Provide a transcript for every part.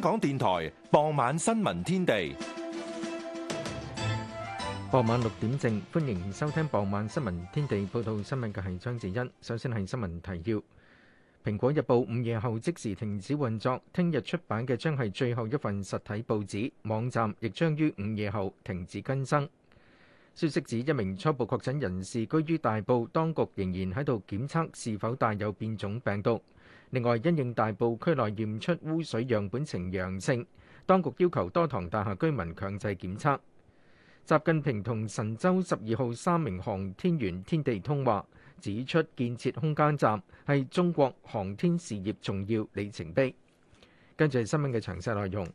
香港電台傍晚新聞天地，傍晚六點正，歡迎收聽傍晚新聞天地。報道新聞嘅係張志欣，首先係新聞提要。蘋果日報午夜後即時停止運作，聽日出版嘅將係最後一份實體報紙，網站亦將於午夜後停止更新。消息指一名初步確診人士居於大埔，當局仍然喺度檢測是否帶有變種病毒。另外，因應大埔區內驗出污水樣本呈陽性，當局要求多幢大廈居民強制檢測。習近平同神舟十二號三名航天員天地通話，指出建設空間站係中國航天事業重要里程碑。跟住係新聞嘅詳細內容。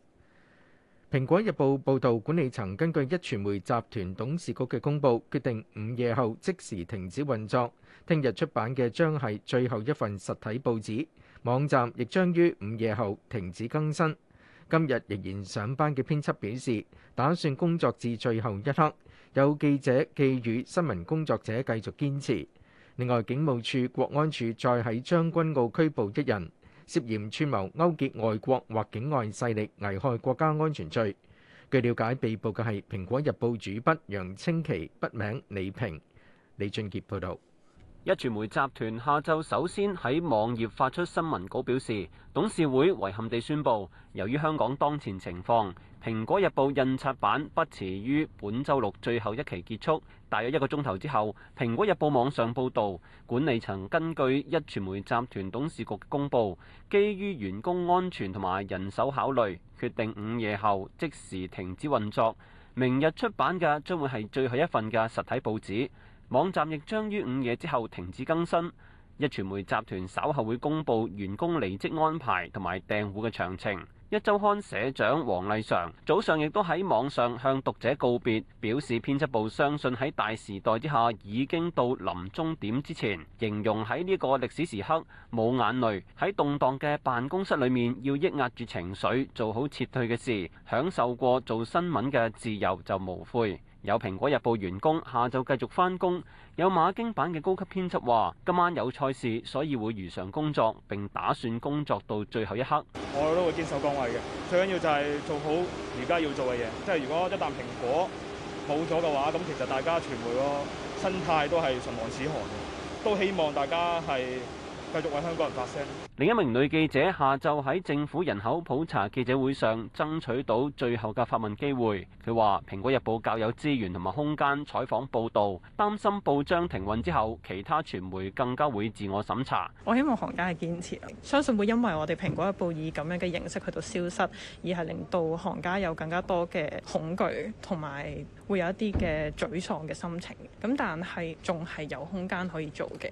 《蘋果日報》報導，管理層根據壹傳媒集團董事局嘅公佈，決定午夜後即時停止運作。聽日出版嘅將係最後一份實體報紙，網站亦將於午夜後停止更新。今日仍然上班嘅編輯表示，打算工作至最後一刻。有記者寄語新聞工作者繼續堅持。另外，警務處、國安處再喺將軍澳拘捕一人。涉嫌串謀勾結外國或境外勢力危害國家安全罪。據了解，被捕嘅係蘋果日報主筆楊清奇，筆名李平。李俊杰報道。壹傳媒集團下晝首先喺網頁發出新聞稿，表示董事會遺憾地宣布，由於香港當前情況。《蘋果日報》印刷版不遲於本周六最後一期結束，大約一個鐘頭之後，《蘋果日報》網上報導，管理層根據壹傳媒集團董事局公佈，基於員工安全同埋人手考慮，決定午夜後即時停止運作。明日出版嘅將會係最後一份嘅實體報紙，網站亦將於午夜之後停止更新。壹傳媒集團稍後會公佈員工離職安排同埋訂戶嘅詳情。《一周刊》社長黃麗嫦早上亦都喺網上向讀者告別，表示編輯部相信喺大時代之下已經到臨終點之前，形容喺呢個歷史時刻冇眼淚，喺動蕩嘅辦公室裏面要抑壓住情緒，做好撤退嘅事，享受過做新聞嘅自由就無悔。有蘋果日報員工下晝繼續翻工，有馬經版嘅高級編輯話：今晚有賽事，所以會如常工作，並打算工作到最後一刻。我哋都會堅守崗位嘅，最緊要就係做好而家要做嘅嘢。即係如果一旦蘋果冇咗嘅話，咁其實大家傳媒咯生態都係唇亡齒寒，都希望大家係。繼續為香港人發聲。另一名女記者下晝喺政府人口普查記者會上爭取到最後嘅發問機會，佢話蘋果日報較有資源同埋空間採訪報道，擔心報章停運之後，其他傳媒更加會自我審查。我希望行家係堅持，相信會因為我哋《蘋果日報》以咁樣嘅形式去到消失，而係令到行家有更加多嘅恐懼，同埋會有一啲嘅沮喪嘅心情。咁但係仲係有空間可以做嘅。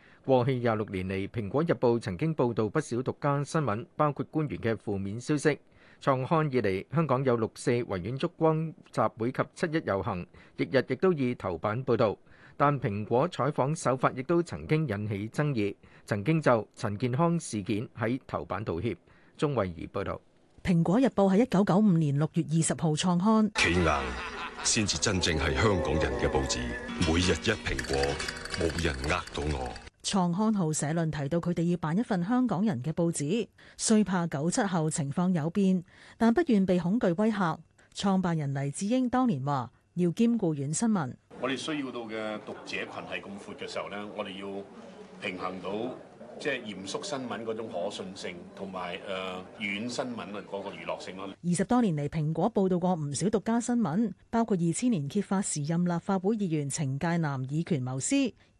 過去廿六年嚟，《蘋果日報》曾經報導不少獨家新聞，包括官員嘅負面消息。創刊以嚟，香港有六四、維園燭光集會及七一遊行，日日亦都以頭版報導。但蘋果採訪手法亦都曾經引起爭議，曾經就陳健康事件喺頭版道歉。鍾慧儀報道，《蘋果日報》喺一九九五年六月二十號創刊，企硬先至真正係香港人嘅報紙。每日一蘋果，冇人呃到我。創刊號社論提到，佢哋要辦一份香港人嘅報紙，雖怕九七後情況有變，但不願被恐懼威嚇。創辦人黎智英當年話，要兼顧軟新聞。我哋需要到嘅讀者群係咁闊嘅時候呢，我哋要平衡到。即係嚴肅新聞嗰種可信性，同埋誒，軟新聞啊，嗰個娛樂性咯。二十多年嚟，蘋果報道過唔少獨家新聞，包括二千年揭發時任立法會議員程介南以權謀私，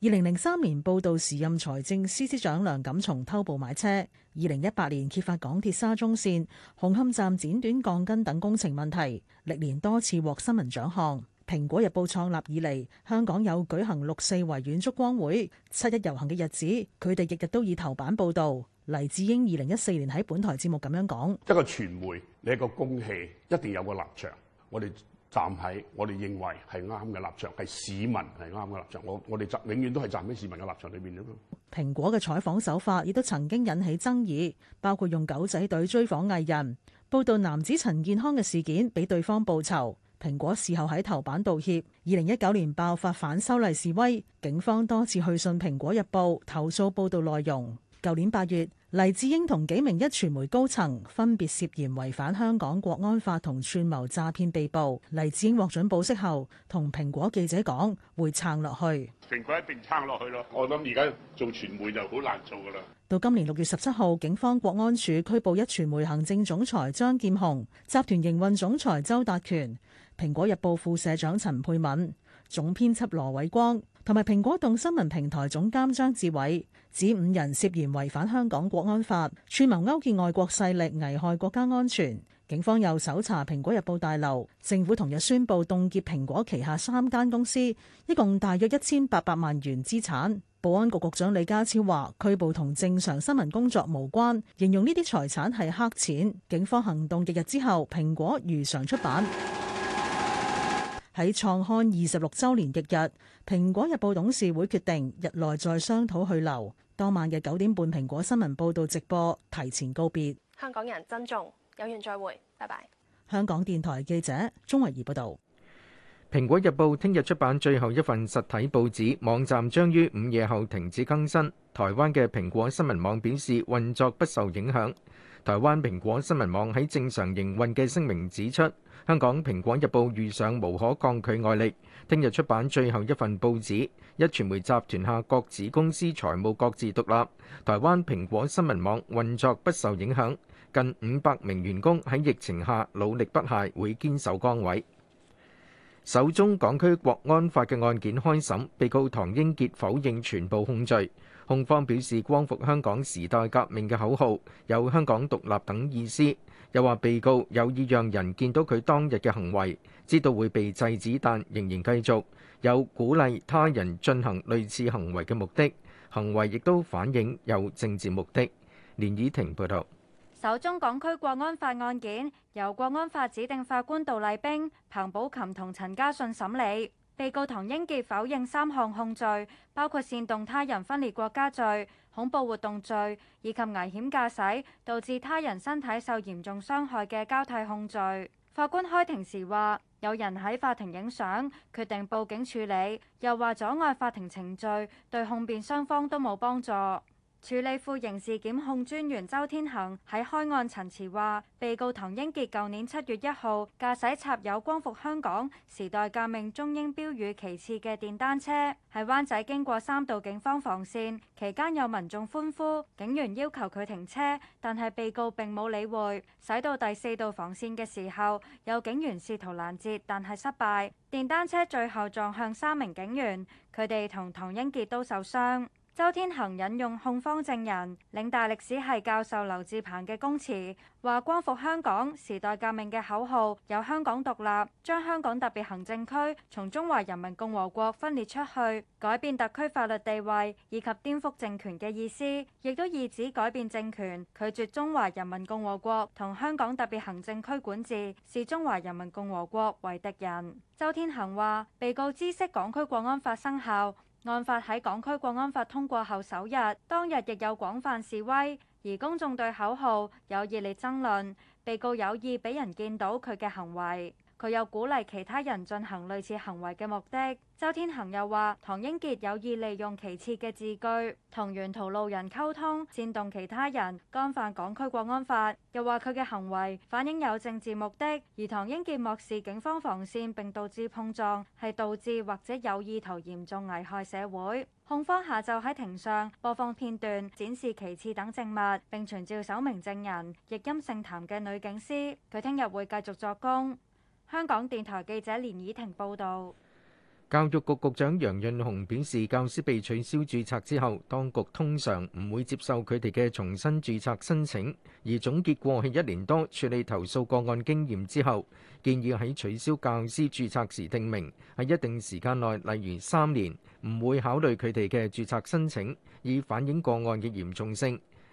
二零零三年報道時任財政司司長梁錦松偷步買車，二零一八年揭發港鐵沙中綫紅磡站剪短鋼筋等工程問題，歷年多次獲新聞獎項。蘋果日報創立以嚟，香港有舉行六四維園燭光會、七一遊行嘅日子，佢哋日日都以頭版報道。黎智英二零一四年喺本台節目咁樣講：一個傳媒，你一個公器一定有個立場。我哋站喺我哋認為係啱嘅立場，係市民係啱嘅立場。我我哋站永遠都係站喺市民嘅立場裏面。蘋果嘅採訪手法亦都曾經引起爭議，包括用狗仔隊追訪藝人，報道男子陳健康嘅事件俾對方報酬。蘋果事後喺頭版道歉。二零一九年爆發反修例示威，警方多次去信蘋果日報投訴報導內容。舊年八月，黎智英同幾名一傳媒高層分別涉嫌違反香港國安法同串謀詐騙被捕。黎智英獲准保釋後，同蘋果記者講會撐落去。蘋果一定撐落去囉。我諗而家做傳媒就好難做㗎喇。到今年六月十七號，警方國安處拘捕一傳媒行政總裁張劍虹，集團營運總裁周達權、蘋果日報副社長陳佩敏、總編輯羅偉光同埋蘋果動新聞平台總監張志偉，指五人涉嫌違反香港國安法，串謀勾結外國勢力危害國家安全。警方又搜查蘋果日報大樓。政府同日宣布凍結蘋果旗下三間公司，一共大約一千八百萬元資產。保安局局長李家超話拘捕同正常新聞工作無關，形容呢啲財產係黑錢。警方行動翌日之後，蘋果如常出版。喺創刊二十六週年翌日，蘋果日報董事會決定，日內再商討去留。當晚嘅九點半蘋果新聞報導直播提前告別。香港人，珍重，有緣再會，拜拜。香港電台記者鍾慧儀報導，蘋果日報聽日出版最後一份實體報紙，網站將於午夜後停止更新。台灣嘅蘋果新聞網表示運作不受影響。台灣蘋果新聞網喺正常營運嘅聲明指出，香港蘋果日報遇上無可抗拒外力，聽日出版最後一份報紙。一傳媒集團下各子公司財務各自獨立，台灣蘋果新聞網運作不受影響。近五百名員工喺疫情下努力不懈，會堅守崗位。首宗港區國安法嘅案件開審，被告唐英傑否認全部控罪。控方表示，光復香港時代革命嘅口號有香港獨立等意思，又話被告有意讓人見到佢當日嘅行為，知道會被制止，但仍然繼續，有鼓勵他人進行類似行為嘅目的，行為亦都反映有政治目的。連倚婷報道，首宗港區國安法案件由國安法指定法官杜麗冰、彭寶琴同陳家信審理。被告唐英傑否認三項控罪，包括煽動他人分裂國家罪、恐怖活動罪以及危險駕駛導致他人身體受嚴重傷害嘅交替控罪。法官開庭時話：有人喺法庭影相，決定報警處理，又話阻礙法庭程序，對控辯雙方都冇幫助。處理副刑事檢控專員周天行喺開案陳詞話，被告唐英傑舊年七月一號駕駛插有“光復香港、時代革命”中英標語旗幟嘅電單車，喺灣仔經過三道警方防線，期間有民眾歡呼，警員要求佢停車，但係被告並冇理會，駛到第四道防線嘅時候，有警員試圖攔截，但係失敗，電單車最後撞向三名警員，佢哋同唐英傑都受傷。周天行引用控方證人、領大歷史系教授劉志鵬嘅供詞，話光復香港、時代革命嘅口號有香港獨立，將香港特別行政區從中華人民共和國分裂出去，改變特區法律地位以及顛覆政權嘅意思，亦都意指改變政權，拒絕中華人民共和國同香港特別行政區管治，視中華人民共和國為敵人。周天行話，被告知悉港區國安法生效。案發喺港區《國安法》通過後首日，當日亦有廣泛示威，而公眾對口號有熱烈爭論。被告有意俾人見到佢嘅行為。佢有鼓勵其他人進行類似行為嘅目的。周天行又話：唐英傑有意利用旗幟嘅字句同沿途路人溝通，煽動其他人干犯港區國安法。又話佢嘅行為反映有政治目的，而唐英傑漠視警方防線，並導致碰撞，係導致或者有意圖嚴重危害社會。控方下晝喺庭上播放片段，展示旗幟等證物，並傳召首名證人，譯音聖譚嘅女警司。佢聽日會繼續作供。香港電台記者連以婷報道，教育局局長楊潤雄表示，教師被取消注冊之後，當局通常唔會接受佢哋嘅重新注冊申請。而總結過去一年多處理投訴個案經驗之後，建議喺取消教師注冊時，定明喺一定時間內，例如三年，唔會考慮佢哋嘅注冊申請，以反映個案嘅嚴重性。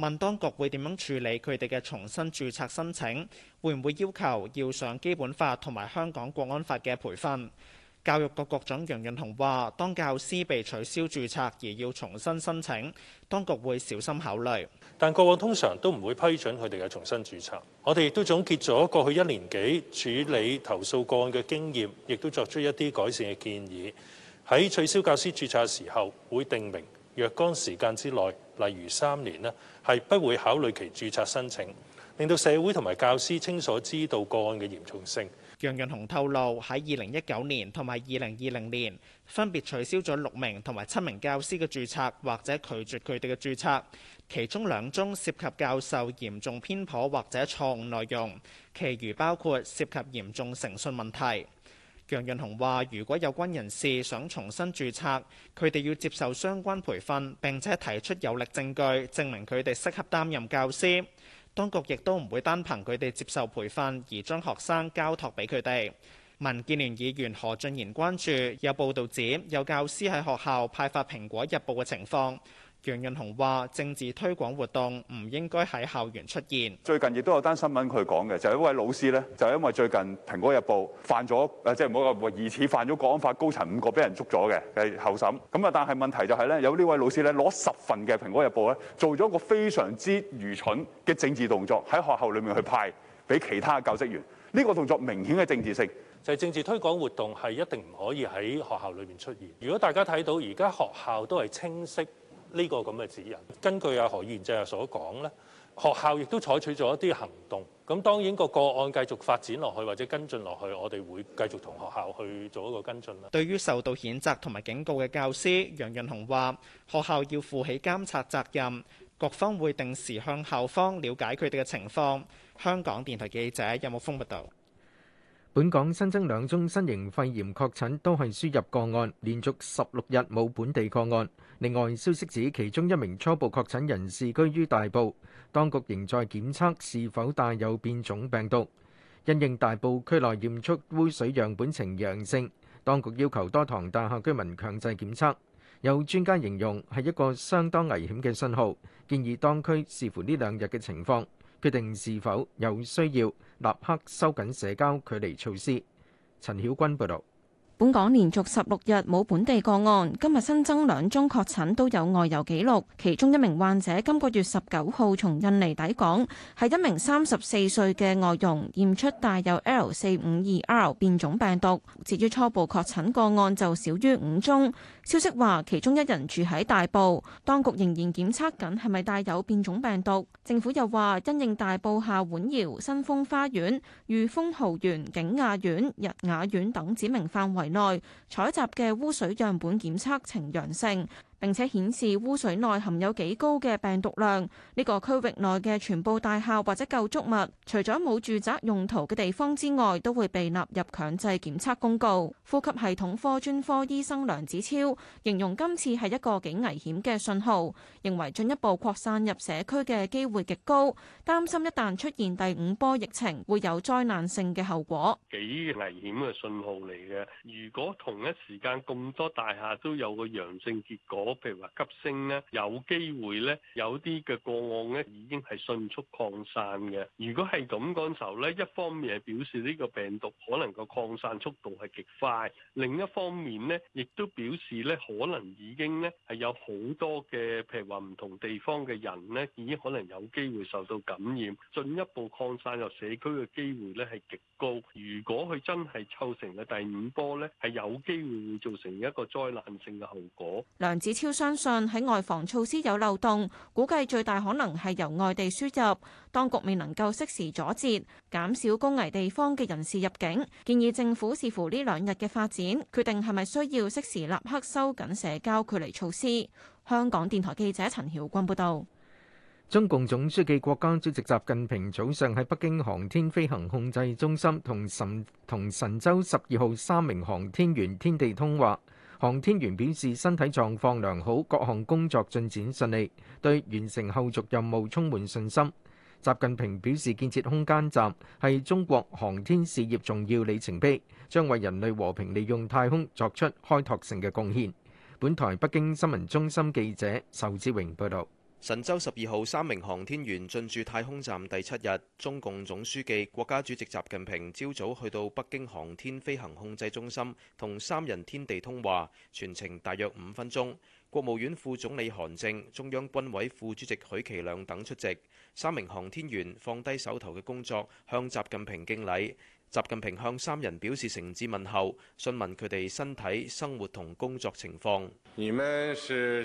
問當局會點樣處理佢哋嘅重新註冊申請？會唔會要求要上基本法同埋香港國安法嘅培訓？教育局局長楊潤雄話：當教師被取消註冊而要重新申請，當局會小心考慮。但過往通常都唔會批准佢哋嘅重新註冊。我哋亦都總結咗過去一年幾處理投訴個案嘅經驗，亦都作出一啲改善嘅建議。喺取消教師註冊嘅時候，會定明，若干時間之內，例如三年咧，係不會考慮其註冊申請，令到社會同埋教師清楚知道個案嘅嚴重性。楊潤雄透露喺二零一九年同埋二零二零年，分別取消咗六名同埋七名教師嘅註冊，或者拒絕佢哋嘅註冊。其中兩宗涉及教授嚴重偏頗或者錯誤內容，其餘包括涉及嚴重誠信問題。楊潤雄話，如果有關人士想重新註冊，佢哋要接受相關培訓，並且提出有力證據證明佢哋適合擔任教師。當局亦都唔會單憑佢哋接受培訓而將學生交託俾佢哋。民建聯議員何俊賢關注，有報導指有教師喺學校派發蘋果日報嘅情況。楊潤雄話：政治推廣活動唔應該喺校園出現。最近亦都有單新聞，佢講嘅就係一位老師咧，就因為最近《蘋果日報》犯咗誒，即係唔好話疑似犯咗國安法，高層五個俾人捉咗嘅，係候審。咁啊，但係問題就係咧，有呢位老師咧攞十份嘅《蘋果日報》咧，做咗一個非常之愚蠢嘅政治動作喺學校裏面去派俾其他教職員。呢個動作明顯係政治性，就係政治推廣活動係一定唔可以喺學校裏面出現。如果大家睇到而家學校都係清晰。呢個咁嘅指引，根據阿何議員就係所講咧，學校亦都採取咗一啲行動。咁當然個個案繼續發展落去或者跟進落去，我哋會繼續同學校去做一個跟進啦。對於受到譴責同埋警告嘅教師，楊潤雄話：學校要負起監察責任，各方會定時向校方了解佢哋嘅情況。香港電台記者任木峯報道。本港新增兩宗新型肺炎確診都係輸入個案，連續十六日冇本地個案。另外消息指其中一名初步確診人士居於大埔，當局仍在檢測是否帶有變種病毒。因應大埔區內驗出污水樣本呈陽性，當局要求多堂大廈居民強制檢測。有專家形容係一個相當危險嘅信號，建議當區視乎呢兩日嘅情況，決定是否有需要立刻收緊社交距離措施。陳曉君報道。本港連續十六日冇本地個案，今日新增兩宗確診都有外遊記錄，其中一名患者今個月十九號從印尼抵港，係一名三十四歲嘅外傭，驗出帶有 L 四五二 R 變種病毒。至於初步確診個案就少於五宗。消息話，其中一人住喺大埔，當局仍然檢測緊係咪帶有變種病毒。政府又話，因應大埔下碗窯、新豐花園、裕豐豪園、景雅苑、日雅苑等指明範圍內採集嘅污水樣本檢測呈陽性。並且顯示污水內含有幾高嘅病毒量。呢個區域內嘅全部大廈或者舊建築物，除咗冇住宅用途嘅地方之外，都會被納入強制檢測公告。呼吸系統科專科醫生梁子超形容今次係一個幾危險嘅信號，認為進一步擴散入社區嘅機會極高，擔心一旦出現第五波疫情，會有災難性嘅後果。幾危險嘅信號嚟嘅，如果同一時間咁多大廈都有個陽性結果。譬如話急升咧，有機會咧，有啲嘅個案咧已經係迅速擴散嘅。如果係咁陣時候咧，一方面係表示呢個病毒可能個擴散速度係極快，另一方面咧，亦都表示咧可能已經咧係有好多嘅譬如話唔同地方嘅人咧已經可能有機會受到感染，進一步擴散入社區嘅機會咧係極高。如果佢真係湊成嘅第五波咧，係有機會會造成一個災難性嘅後果。梁子超相信喺外防措施有漏洞，估計最大可能係由外地輸入，當局未能夠適時阻截，減少高危地方嘅人士入境。建議政府視乎呢兩日嘅發展，決定係咪需要適時立刻收緊社交距離措施。香港電台記者陳曉君報道。中共總書記國家主席習近平早上喺北京航天飛行控制中心同神同神舟十二號三名航天員天地通話。航天員表示身體狀況良好，各項工作進展順利，對完成後續任務充滿信心。習近平表示，建設空間站係中國航天事業重要里程碑，將為人類和平利用太空作出開拓性嘅貢獻。本台北京新聞中心記者壽志榮報道。神舟十二號三名航天員進駐太空站第七日，中共總書記、國家主席習近平朝早去到北京航天飛行控制中心，同三人天地通話，全程大約五分鐘。國務院副總理韓正、中央軍委副主席許其亮等出席。三名航天員放低手頭嘅工作，向習近平敬禮。習近平向三人表示誠摯問候，詢問佢哋身體、生活同工作情況。你們是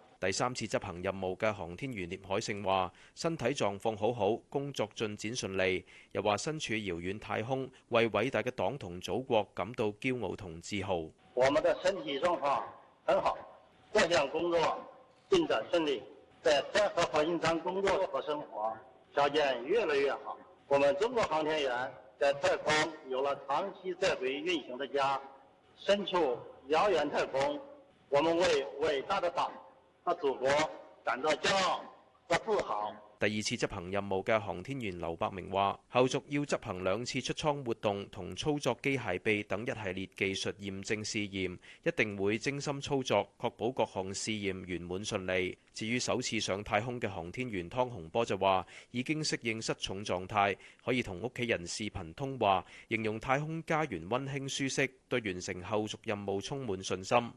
第三次執行任務嘅航天員聶海勝話：身體狀況好好，工作進展順利。又話身處遙遠太空，為偉大嘅黨同祖國感到驕傲同自豪。我們嘅身體狀況很好，各項工作進展順利。在天和核心艙工作和生活條件越來越好。我們中國航天員在太空有了長期在回運行的家。身處遙遠太空，我們為偉大的黨。第二次執行任務嘅航天員劉伯明話，後續要執行兩次出艙活動同操作機械臂，等一系列技術驗證試驗，一定會精心操作，確保各項試驗圓滿順利。至於首次上太空嘅航天員湯洪波就話，已經適應失重狀態，可以同屋企人視頻通話，形容太空家園溫馨舒適，對完成後續任務充滿信心。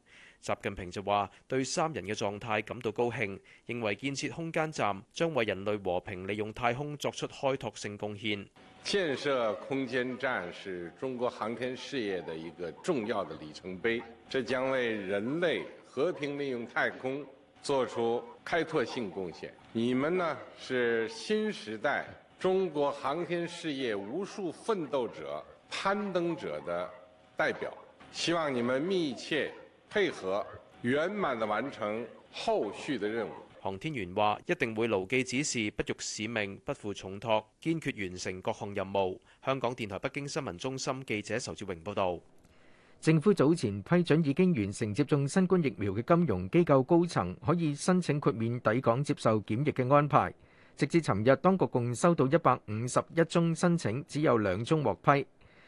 習近平就話，對三人嘅狀態感到高興，認為建設空間站將為人類和平利用太空作出開拓性貢獻。建設空間站是中國航天事業的一個重要的里程碑，這將為人類和平利用太空做出開拓性貢獻。你們呢，是新時代中國航天事業無數奮鬥者、攀登者的代表，希望你們密切。配合，圓滿地完成後續的任務。航天員話，一定會牢記指示，不辱使命，不負重託，堅決完成各項任務。香港電台北京新聞中心記者仇志榮報道。政府早前批准已經完成接種新冠疫苗嘅金融機構高層，可以申請豁免抵港接受檢疫嘅安排。直至尋日，當局共收到一百五十一宗申請，只有兩宗獲批。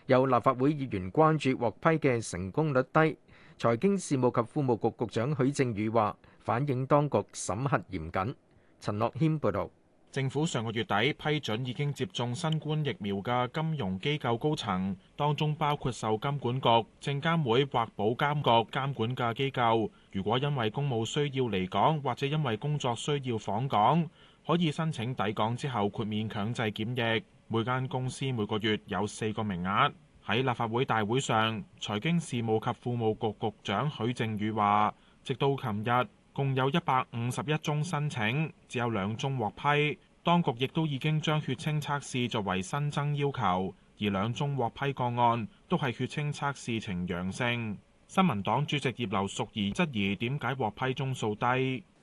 有立法會議員關注獲批嘅成功率低。財經事務及庫務局局長許正宇話：反映當局審核嚴謹。陳樂謙報道，政府上個月底批准已經接種新冠疫苗嘅金融機構高層，當中包括受金管局、證監會或保監局監管嘅機構。如果因為公務需要離港，或者因為工作需要訪港，可以申請抵港之後豁免強制檢疫。每間公司每個月有四個名額。喺立法會大會上，財經事務及庫務局局局長許正宇話：直到琴日，共有一百五十一宗申請，只有兩宗獲批。當局亦都已經將血清測試作為新增要求，而兩宗獲批個案都係血清測試呈陽性。新民黨主席葉劉淑儀質疑點解獲批宗數低？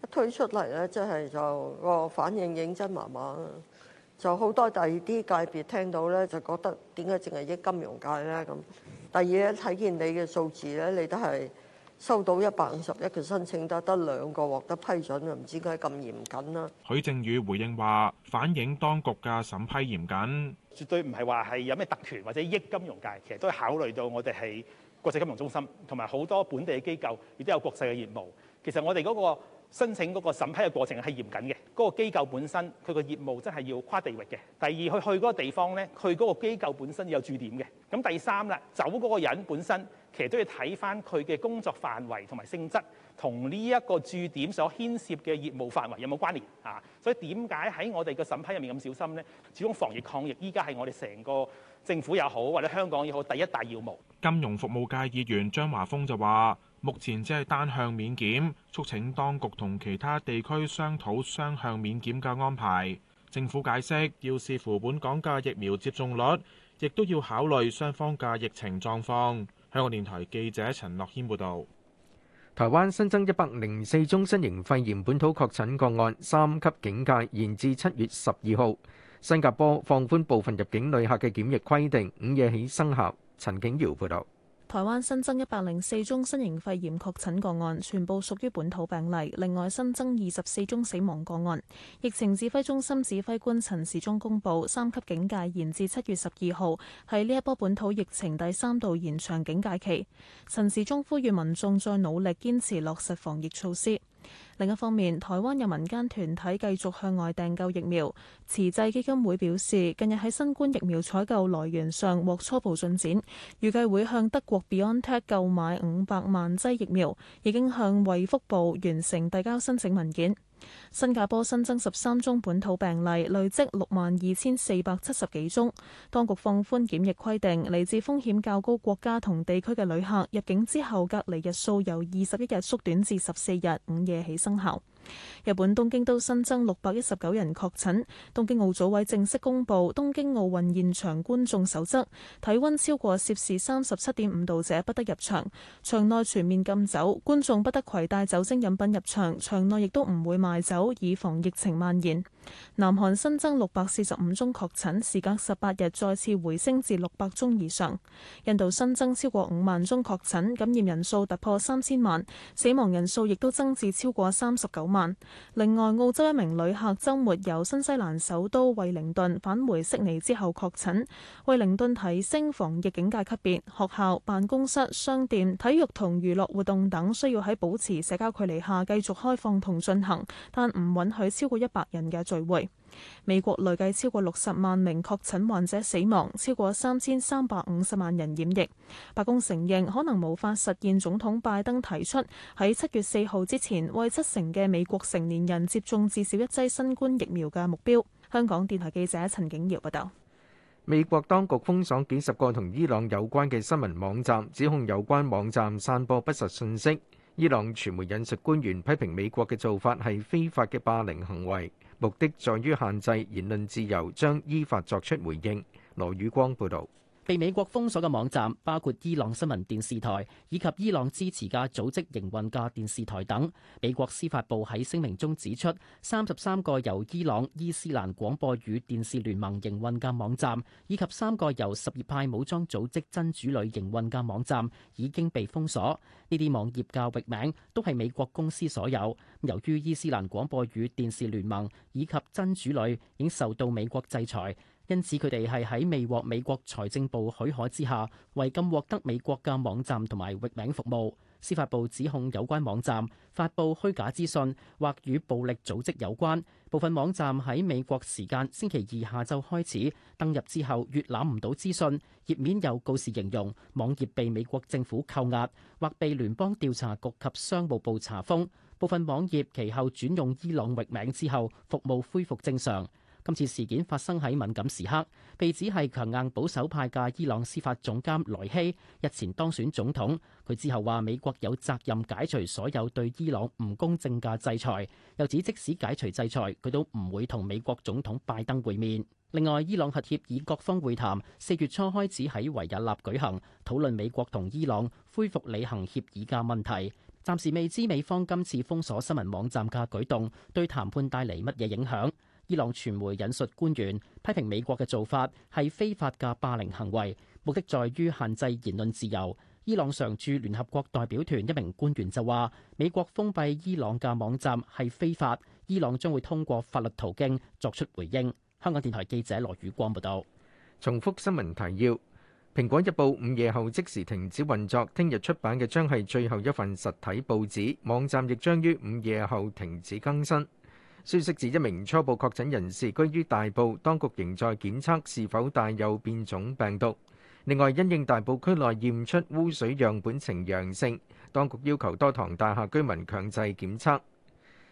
一推出嚟呢即係就個、是、反應認真麻麻。就好多第二啲界別聽到咧，就覺得點解淨係益金融界咧咁？第二咧睇見你嘅數字咧，你都係收到一百五十一個申請得得兩個獲得批准啊！唔知點解咁嚴謹啦。許正宇回應話：反映當局嘅審批嚴謹，絕對唔係話係有咩特權或者益金融界。其實都係考慮到我哋係國際金融中心，同埋好多本地嘅機構亦都有國際嘅業務。其實我哋嗰個申請嗰個審批嘅過程係嚴謹嘅，嗰個機構本身佢個業務真係要跨地域嘅。第二，佢去嗰個地方呢，佢嗰個機構本身有駐點嘅。咁第三啦，走嗰個人本身其實都要睇翻佢嘅工作範圍同埋性質，同呢一個駐點所牽涉嘅業務範圍有冇關聯啊？所以點解喺我哋嘅審批入面咁小心呢？始終防疫抗疫依家係我哋成個政府又好或者香港又好第一大要務。金融服務界議員張華峰就話。目前只係單向免檢，促請當局同其他地區商討雙向免檢嘅安排。政府解釋要視乎本港嘅疫苗接種率，亦都要考慮雙方嘅疫情狀況。香港電台記者陳樂軒報導。台灣新增一百零四宗新型冠狀肺炎本土確診個案，三級警戒延至七月十二號。新加坡放寬部分入境旅客嘅檢疫規定，午夜起生效。陳景堯報導。台灣新增一百零四宗新型肺炎確診個案，全部屬於本土病例。另外新增二十四宗死亡個案。疫情指揮中心指揮官陳時中公布，三級警戒延至七月十二號，係呢一波本土疫情第三度延長警戒期。陳時中呼籲民眾再努力堅持落實防疫措施。另一方面，台灣有民間團體繼續向外訂購疫苗。慈濟基金會表示，近日喺新冠疫苗採購來源上獲初步進展，預計會向德國 BioNTech 購買五百萬劑疫苗，已經向衛福部完成遞交申請文件。新加坡新增十三宗本土病例，累積六萬二千四百七十幾宗。當局放寬檢疫規定，嚟自風險較高國家同地區嘅旅客入境之後，隔離日數由二十一日縮短至十四日，午夜起生效。日本東京都新增六百一十九人確診，東京奧組委正式公布東京奧運現場觀眾守則，體溫超過攝氏三十七點五度者不得入場，場內全面禁酒，觀眾不得攜帶酒精飲品入場，場內亦都唔會賣酒，以防疫情蔓延。南韓新增六百四十五宗確診，時隔十八日再次回升至六百宗以上。印度新增超過五萬宗確診，感染人數突破三千萬，死亡人數亦都增至超過三十九萬。另外，澳洲一名旅客周末由新西蘭首都惠靈頓返回悉尼之後確診，惠靈頓提升防疫警戒級別，學校、辦公室、商店、體育同娛樂活動等需要喺保持社交距離下繼續開放同進行，但唔允許超過一百人嘅聚會。美國累計超過六十萬名確診患者死亡，超過三千三百五十萬人染疫。白宮承認可能無法實現總統拜登提出喺七月四號之前為七成嘅美國成年人接種至少一劑新冠疫苗嘅目標。香港電台記者陳景堯報道：美國當局封鎖幾十個同伊朗有關嘅新聞網站，指控有關網站散播不實信息。伊朗傳媒引述官員批評美國嘅做法係非法嘅霸凌行為。目的在於限制言論自由，將依法作出回應。羅宇光報道。被美國封鎖嘅網站包括伊朗新聞電視台以及伊朗支持嘅組織營運嘅電視台等。美國司法部喺聲明中指出，三十三個由伊朗伊斯蘭廣播與電視聯盟營運嘅網站，以及三個由什葉派武裝組織真主旅營運嘅網站，已經被封鎖。呢啲網頁嘅域名都係美國公司所有。由於伊斯蘭廣播與電視聯盟以及真主旅已受到美國制裁。因此，佢哋係喺未獲美國財政部許可之下，違禁獲得美國嘅網站同埋域名服務。司法部指控有關網站發布虛假資訊或與暴力組織有關，部分網站喺美國時間星期二下晝開始登入之後閱覽唔到資訊，頁面有告示形容網頁被美國政府扣押，或被聯邦調查局及商務部查封。部分網頁其後轉用伊朗域名之後服務恢復正常。今次事件發生喺敏感時刻，被指係強硬保守派嘅伊朗司法總監萊希日前當選總統。佢之後話：美國有責任解除所有對伊朗唔公正嘅制裁。又指即使解除制裁，佢都唔會同美國總統拜登會面。另外，伊朗核協議各方會談四月初開始喺維也納舉行，討論美國同伊朗恢復履行協議嘅問題。暫時未知美方今次封鎖新聞網站嘅舉動對談判帶嚟乜嘢影響。伊朗傳媒引述官員批評美國嘅做法係非法嘅霸凌行為，目的在於限制言論自由。伊朗常駐聯合國代表團一名官員就話，美國封閉伊朗嘅網站係非法，伊朗將會通過法律途徑作出回應。香港電台記者羅宇光報道。重複新聞提要：蘋果日報午夜後即時停止運作，聽日出版嘅將係最後一份實體報紙，網站亦將於午夜後停止更新。消息指，一名初步確診人士居於大埔，當局仍在檢測是否帶有變種病毒。另外，因應大埔區內驗出污水樣本呈陽性，當局要求多幢大廈居民強制檢測。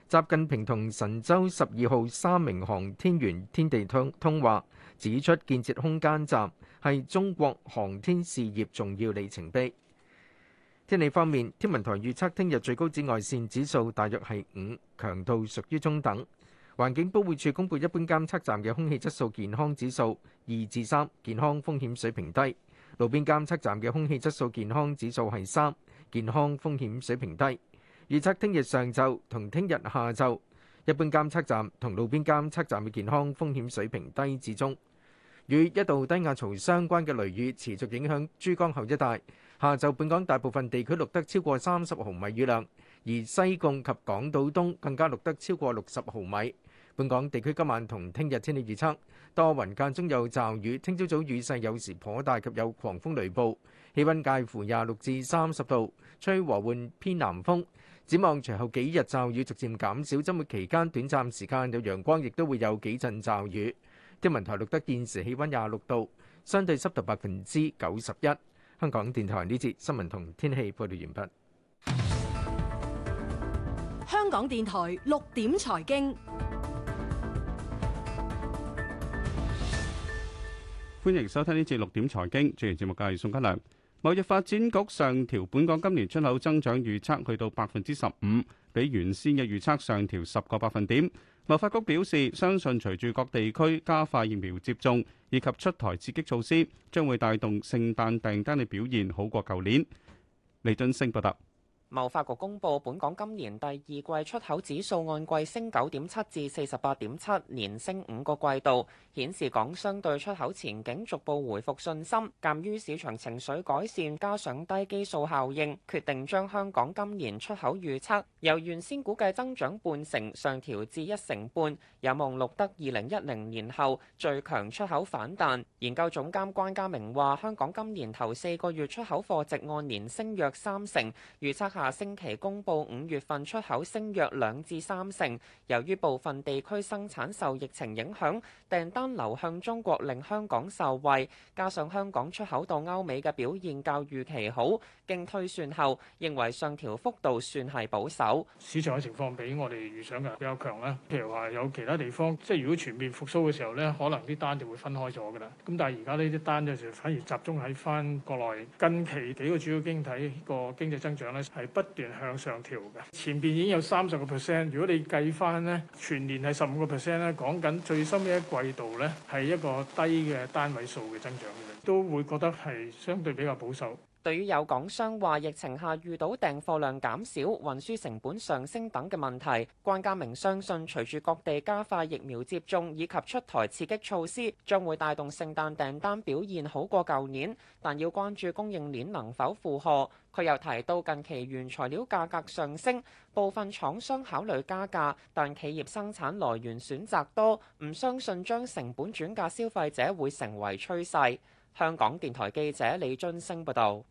習近平同神舟十二號三名航天員天地通通話，指出建設空間站係中國航天事業重要里程碑。天氣方面，天文台預測聽日最高紫外線指數大約係五，強度屬於中等。環境保護署公布一般監測站嘅空氣質素健康指數二至三，健康風險水平低；路邊監測站嘅空氣質素健康指數係三，健康風險水平低。預測聽日上晝同聽日下晝，一般監測站同路邊監測站嘅健康風險水平低至中。與一道低壓槽相關嘅雷雨持續影響珠江口一帶。下晝本港大部分地區錄得超過三十毫米雨量，而西貢及港島東更加錄得超過六十毫米。本港地區今晚同聽日天氣預測多雲間中有驟雨，聽朝早雨勢有時頗大及有狂風雷暴，氣温介乎廿六至三十度，吹和緩偏南風。展望隨後幾日驟雨逐漸減少，週末期間短暫時間有陽光，亦都會有幾陣驟雨。天文台錄得現時氣温廿六度，相對濕度百分之九十一。香港電台呢節新聞同天氣報道完畢。香港電台六點財經，歡迎收聽呢節六點財經。主持節目嘅係宋嘉良。貿易發展局上調本港今年出口增長預測，去到百分之十五，比原先嘅預測上調十個百分點。貿發局表示，相信隨住各地區加快疫苗接種以及出台刺激措施，將會帶動聖誕訂單嘅表現好過舊年。李津升報道。貿發局公佈，本港今年第二季出口指數按季升九點七，至四十八點七，連升五個季度，顯示港商對出口前景逐步回復信心。鑑於市場情緒改善，加上低基數效應，決定將香港今年出口預測由原先估計增長半成，上調至一成半，有望錄得二零一零年後最強出口反彈。研究總監關家明話：香港今年頭四個月出口貨值按年升約三成，預測下下星期公佈五月份出口升約兩至三成，由於部分地區生產受疫情影響，訂單流向中國令香港受惠，加上香港出口到歐美嘅表現較預期好，經推算後認為上調幅度算係保守。市場嘅情況比我哋預想嘅比較強啦，譬如話有其他地方，即係如果全面復甦嘅時候咧，可能啲單就會分開咗嘅啦。咁但係而家呢啲單有時反而集中喺翻國內，近期幾個主要經濟體個經濟增長咧係。不斷向上調嘅，前邊已經有三十個 percent。如果你計翻咧，全年係十五個 percent 咧，講緊最新嘅一季度咧，係一個低嘅單位數嘅增長嘅，都會覺得係相對比較保守。對於有港商話疫情下遇到訂貨量減少、運輸成本上升等嘅問題，關家明相信隨住各地加快疫苗接種以及出台刺激措施，將會帶動聖誕訂單表現好過舊年，但要關注供應鏈能否負荷。佢又提到，近期原材料價格上升，部分廠商考慮加價，但企業生產來源選擇多，唔相信將成本轉嫁消費者會成為趨勢。香港電台記者李津升報導。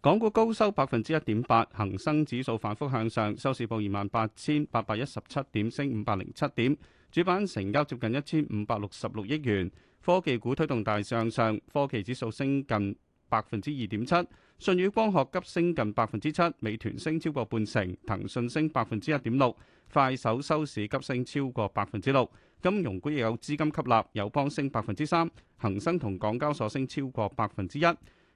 港股高收百分之一點八，恒生指數反覆向上，收市報二萬八千八百一十七點，升五百零七點，主板成交接近一千五百六十六億元。科技股推動大市向上，科技指數升近百分之二點七。舜宇光學急升近百分之七，美團升超過半成，騰訊升百分之一點六，快手收市急升超過百分之六。金融股亦有資金吸納，友邦升百分之三，恒生同港交所升超過百分之一。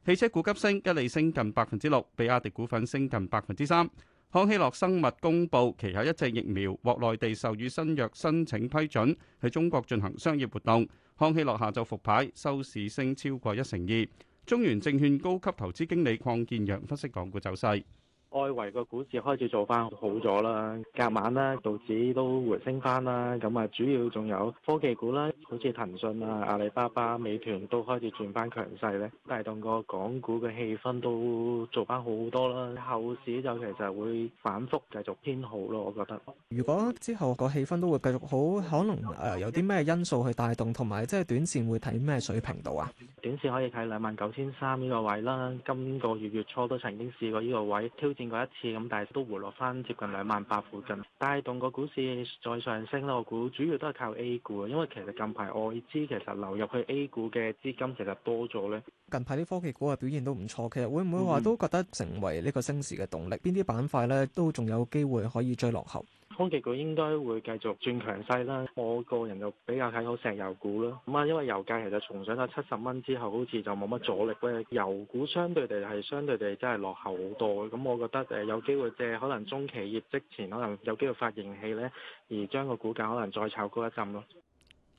汽車股急升，吉利升近百分之六，比亞迪股份升近百分之三。康希諾生物公布旗下一隻疫苗獲內地授予新藥申請批准，喺中國進行商業活動。康希諾下晝復牌，收市升超過一成二。中原證券高級投資經理鄺建陽分析港股走勢。外圍嘅股市開始做翻好咗啦，隔晚呢，道指都回升翻啦，咁啊主要仲有科技股啦，好似騰訊啊、阿里巴巴、美團都開始轉翻強勢咧，帶動個港股嘅氣氛都做翻好好多啦。後市就其實會反覆繼續偏好咯，我覺得。如果之後個氣氛都會繼續好，可能誒、呃、有啲咩因素去帶動，同埋即係短線會睇咩水平度啊？短線可以睇兩萬九千三呢個位啦，今個月月初都曾經試過呢個位挑。見過一次咁，但係都回落翻接近兩萬八附近，帶動個股市再上升啦。我估主要都係靠 A 股，因為其實近排外資其實流入去 A 股嘅資金其實多咗咧。近排啲科技股啊表現都唔錯，其實會唔會話都覺得成為呢個升市嘅動力？邊啲板塊咧都仲有機會可以追落後？科技股應該會繼續轉強勢啦，我個人就比較睇好石油股啦。咁啊，因為油價其實重上咗七十蚊之後，好似就冇乜阻力嘅，油股相對地係相對地真係落後好多。咁我覺得誒有機會借可能中期業績前，可能有機會發盈喜呢，而將個股價可能再炒高一陣咯。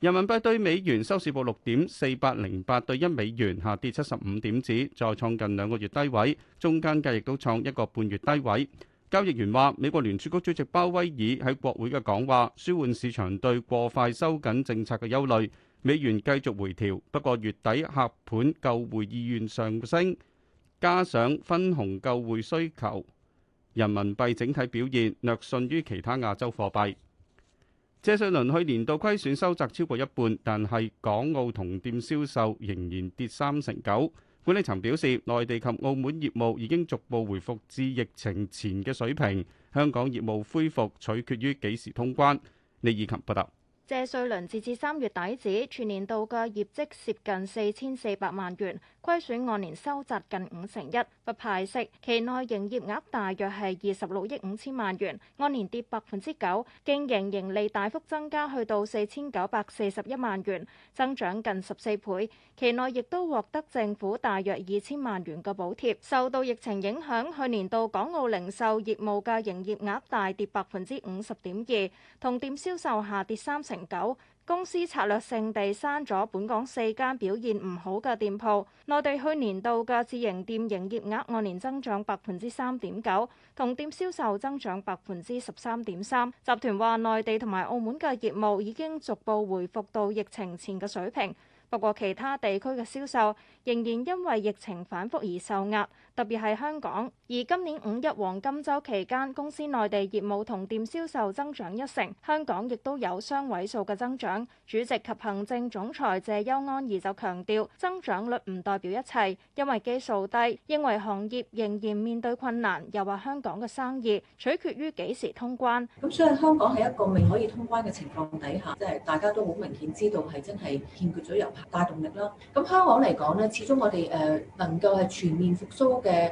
人民幣對美元收市報六點四百零八對一美元，下跌七十五點子，再創近兩個月低位，中間價亦都創一個半月低位。交易員話：美國聯儲局主席鮑威爾喺國會嘅講話，舒緩市場對過快收緊政策嘅憂慮。美元繼續回調，不過月底客盤救匯意願上升，加上分紅救匯需求，人民幣整體表現略遜於其他亞洲貨幣。謝瑞麟去年度虧損收窄超過一半，但係港澳同店銷售仍然跌三成九。管理層表示，內地及澳門業務已經逐步回復至疫情前嘅水平，香港業務恢復取決於幾時通關。李以琴報道，謝瑞麟截至三月底止，全年度嘅業績蝕近四千四百萬元。虧損按年收窄近五成一，不派息。期內營業額大約係二十六億五千萬元，按年跌百分之九。經營盈利大幅增加，去到四千九百四十一萬元，增長近十四倍。期內亦都獲得政府大約二千萬元嘅補貼。受到疫情影響，去年度港澳零售業務嘅營業額大跌百分之五十點二，同店銷售下跌三成九。公司策略性地刪咗本港四間表現唔好嘅店鋪。內地去年度嘅自營店營業額按年增長百分之三點九，同店銷售增長百分之十三點三。集團話內地同埋澳門嘅業務已經逐步回復到疫情前嘅水平，不過其他地區嘅銷售仍然因為疫情反復而受壓。特別係香港，而今年五一黃金週期間，公司內地業務同店銷售增長一成，香港亦都有雙位數嘅增長。主席及行政總裁謝邱安怡就強調，增長率唔代表一切，因為基數低，認為行業仍然面對困難。又話香港嘅生意取決於幾時通關。咁所以香港係一個未可以通關嘅情況底下，即係大家都好明顯知道係真係欠缺咗遊客帶動力啦。咁香港嚟講呢，始終我哋誒能夠係全面復甦。嘅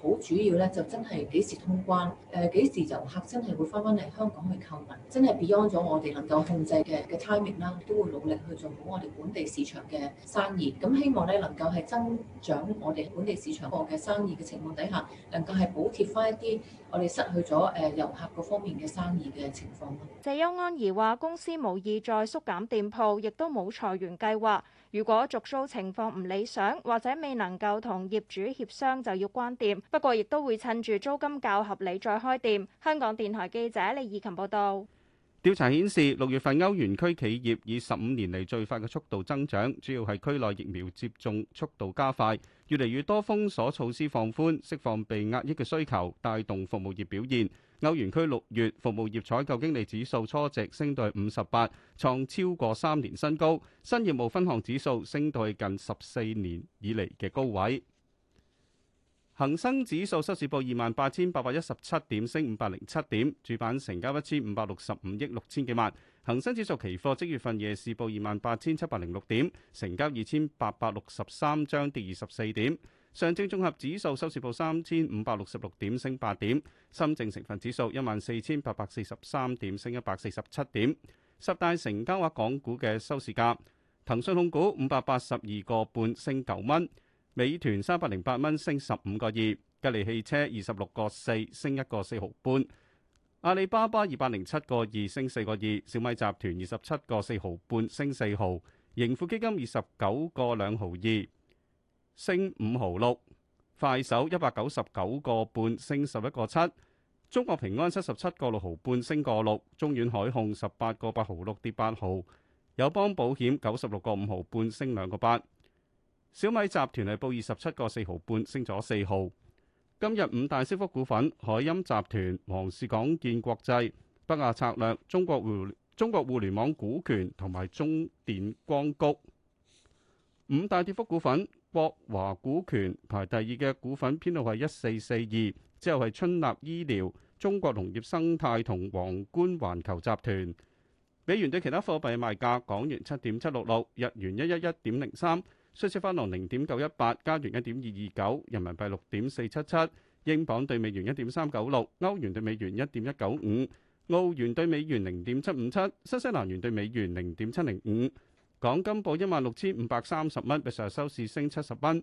好主要咧，就真係幾時通關，誒幾時遊客真係會翻返嚟香港去購物，真係 beyond 咗我哋能夠控制嘅嘅 timing 啦，都會努力去做好我哋本地市場嘅生意。咁希望咧能夠係增長我哋本地市場個嘅生意嘅情況底下，能夠係補貼翻一啲我哋失去咗誒遊客嗰方面嘅生意嘅情況咯。謝邱安儀話：公司無意再縮減店鋪，亦都冇裁員計劃。如果續租情況唔理想，或者未能夠同業主協商，就要關店。不過，亦都會趁住租金較合理再開店。香港電台記者李怡琴報道。調查顯示，六月份歐元區企業以十五年嚟最快嘅速度增長，主要係區內疫苗接種速度加快，越嚟越多封鎖措施放寬，釋放被壓抑嘅需求，帶動服務業表現。歐元區六月服務業採購經理指數初值升到五十八，創超過三年新高。新業務分項指數升到近十四年以嚟嘅高位。恒生指數收市報二萬八千八百一十七點，升五百零七點，主板成交一千五百六十五億六千幾萬。恒生指數期貨即月份夜市報二萬八千七百零六點，成交二千八百六十三張，跌二十四點。上證綜合指數收市報三千五百六十六點，升八點；深證成分指數一萬四千八百四十三點，升一百四十七點。十大成交額港股嘅收市價：騰訊控股五百八十二個半，升九蚊；美團三百零八蚊，升十五個二；吉利汽車二十六個四，升一個四毫半；阿里巴巴二百零七個二，升四個二；小米集團二十七個四毫半，升四毫；盈富基金二十九個兩毫二。升五毫六，快手一百九十九個半升十一個七，中國平安七十七個六毫半升個六，中遠海控十八個八毫六跌八毫，友邦保險九十六個五毫半升兩個八，小米集團係報二十七個四毫半升咗四毫。今日五大升幅股份：海音集團、王氏港建國際、北亞策略、中國互中國互聯網股權同埋中電光谷。五大跌幅股份。博華股權排第二嘅股份，編號係一四四二，之後係春立醫療、中國農業生態同皇冠環球集團。美元對其他貨幣賣價，港元七點七六六，日元一一一點零三，瑞士法郎零點九一八，加元一點二二九，人民幣六點四七七，英鎊對美元一點三九六，歐元對美元一點一九五，澳元對美元零點七五七，新西蘭元對美元零點七零五。港金報一萬六千五百三十蚊，比上日收市升七十蚊。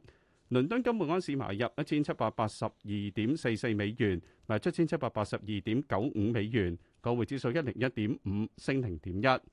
倫敦金每安士買入一千七百八十二點四四美元，賣出一千七百八十二點九五美元。港匯指數一零一點五，升零點一。